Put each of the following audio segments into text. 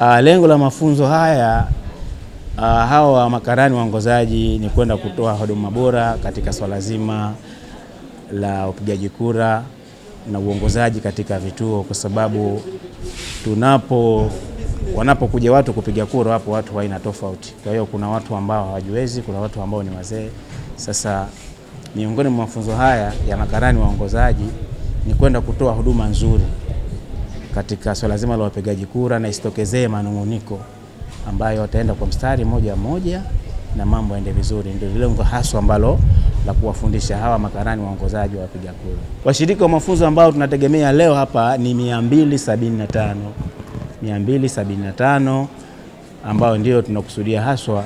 Uh, lengo la mafunzo haya uh, hawa makarani waongozaji ni kwenda kutoa huduma bora katika swala zima la upigaji kura na uongozaji katika vituo, kwa sababu tunapo wanapokuja watu kupiga kura, wapo watu wa aina tofauti. Kwa hiyo kuna watu ambao hawajiwezi, kuna watu ambao ni wazee. Sasa miongoni mwa mafunzo haya ya makarani waongozaji ni kwenda kutoa huduma nzuri katika swala zima la wapigaji kura na isitokezee manunguniko ambayo wataenda kwa mstari moja moja na mambo yaende vizuri. Ndio lengo haswa ambalo la kuwafundisha hawa makarani waongozaji wa wapiga kura. Washiriki wa mafunzo ambao tunategemea leo hapa ni 275 275 ambao ndio tunakusudia haswa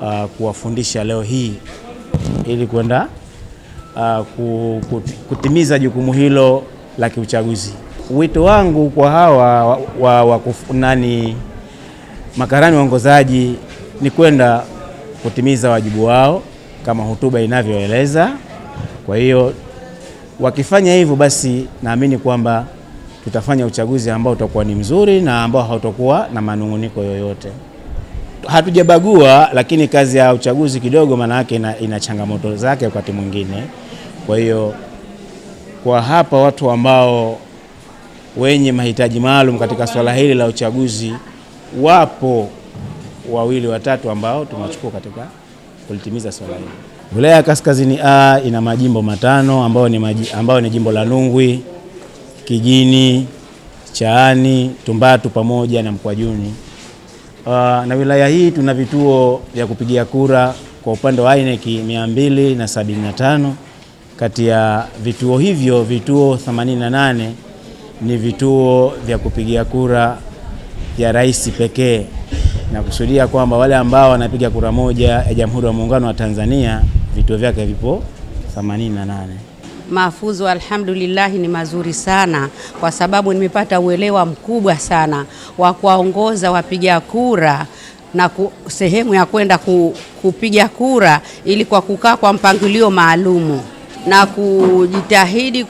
uh, kuwafundisha leo hii ili kwenda uh, kutimiza jukumu hilo la kiuchaguzi. Wito wangu kwa hawa wa, wa, wa nani makarani waongozaji ni kwenda kutimiza wajibu wao kama hotuba inavyoeleza. Kwa hiyo wakifanya hivyo, basi naamini kwamba tutafanya uchaguzi ambao utakuwa ni mzuri na ambao hautakuwa na manunguniko yoyote. Hatujabagua, lakini kazi ya uchaguzi kidogo, maana yake ina, ina changamoto zake wakati mwingine. Kwa hiyo kwa hapa watu ambao wenye mahitaji maalum katika swala hili la uchaguzi, wapo wawili watatu ambao tumewachukua katika kulitimiza swala hili. Wilaya ya Kaskazini A ina majimbo matano ambayo ni, maji, ambayo ni jimbo la Nungwi, Kijini, Chaani, Tumbatu pamoja na Mkwajuni. Uh, na wilaya hii tuna vituo vya kupigia kura kwa upande wa e INEC 275 kati ya vituo hivyo vituo 88 ni vituo vya kupigia kura vya rais pekee, na kusudia kwamba wale ambao wanapiga kura moja ya Jamhuri ya Muungano wa Tanzania vituo vyake vipo 88. Mafunzo alhamdulillah ni mazuri sana kwa sababu nimepata uelewa mkubwa sana wa kuwaongoza wapiga kura na ku, sehemu ya kwenda ku, kupiga kura ili kwa kukaa kwa mpangilio maalumu na kujitahidi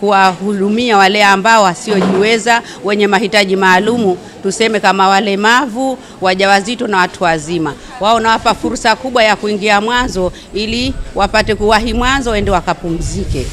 kuwahudumia wale ambao wasiojiweza, wenye mahitaji maalumu, tuseme kama walemavu, wajawazito na watu wazima. Wao nawapa fursa kubwa ya kuingia mwanzo ili wapate kuwahi mwanzo, waende wakapumzike.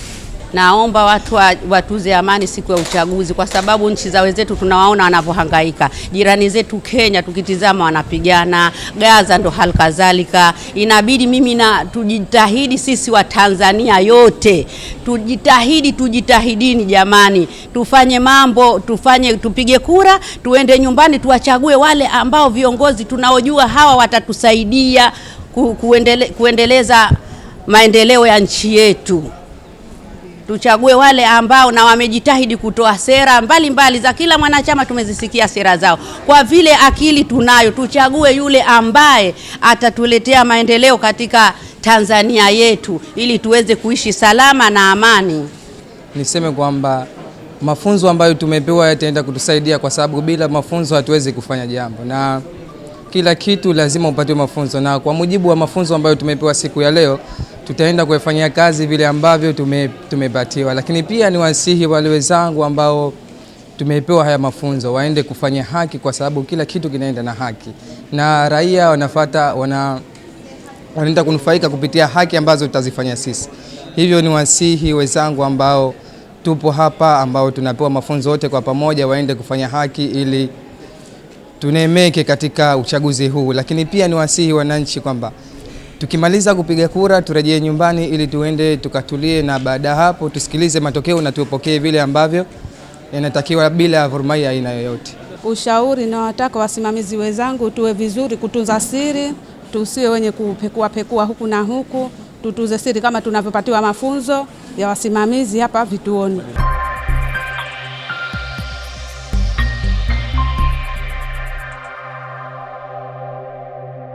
Naomba watu wa, watuze amani siku ya uchaguzi, kwa sababu nchi za wenzetu tunawaona wanavyohangaika. Jirani zetu Kenya tukitizama wanapigana, Gaza ndo hali kadhalika. Inabidi mimi na tujitahidi sisi wa Tanzania yote tujitahidi, tujitahidini jamani, tufanye mambo, tufanye tupige kura, tuende nyumbani, tuwachague wale ambao viongozi tunaojua hawa watatusaidia kuendele, kuendeleza maendeleo ya nchi yetu tuchague wale ambao na wamejitahidi kutoa sera mbalimbali mbali za kila mwanachama. Tumezisikia sera zao, kwa vile akili tunayo, tuchague yule ambaye atatuletea maendeleo katika Tanzania yetu ili tuweze kuishi salama na amani. Niseme kwamba mafunzo ambayo tumepewa yataenda kutusaidia, kwa sababu bila mafunzo hatuwezi kufanya jambo, na kila kitu lazima upatiwe mafunzo, na kwa mujibu wa mafunzo ambayo tumepewa siku ya leo tutaenda kuifanyia kazi vile ambavyo tume, tumepatiwa. Lakini pia ni wasihi wale wenzangu ambao tumepewa haya mafunzo waende kufanya haki, kwa sababu kila kitu kinaenda na haki na raia wanafata wana, wanaenda kunufaika kupitia haki ambazo tutazifanya sisi. Hivyo ni wasihi wenzangu ambao tupo hapa ambao tunapewa mafunzo yote kwa pamoja, waende kufanya haki ili tunemeke katika uchaguzi huu. Lakini pia ni wasihi wananchi kwamba Tukimaliza kupiga kura turejee nyumbani ili tuende tukatulie, na baada ya hapo tusikilize matokeo na tupokee vile ambavyo inatakiwa bila ya vurumai aina yoyote. Ushauri na wataka wasimamizi wenzangu, tuwe vizuri kutunza siri, tusiwe wenye kupekua pekua huku na huku, tutunze siri kama tunavyopatiwa mafunzo ya wasimamizi hapa vituoni.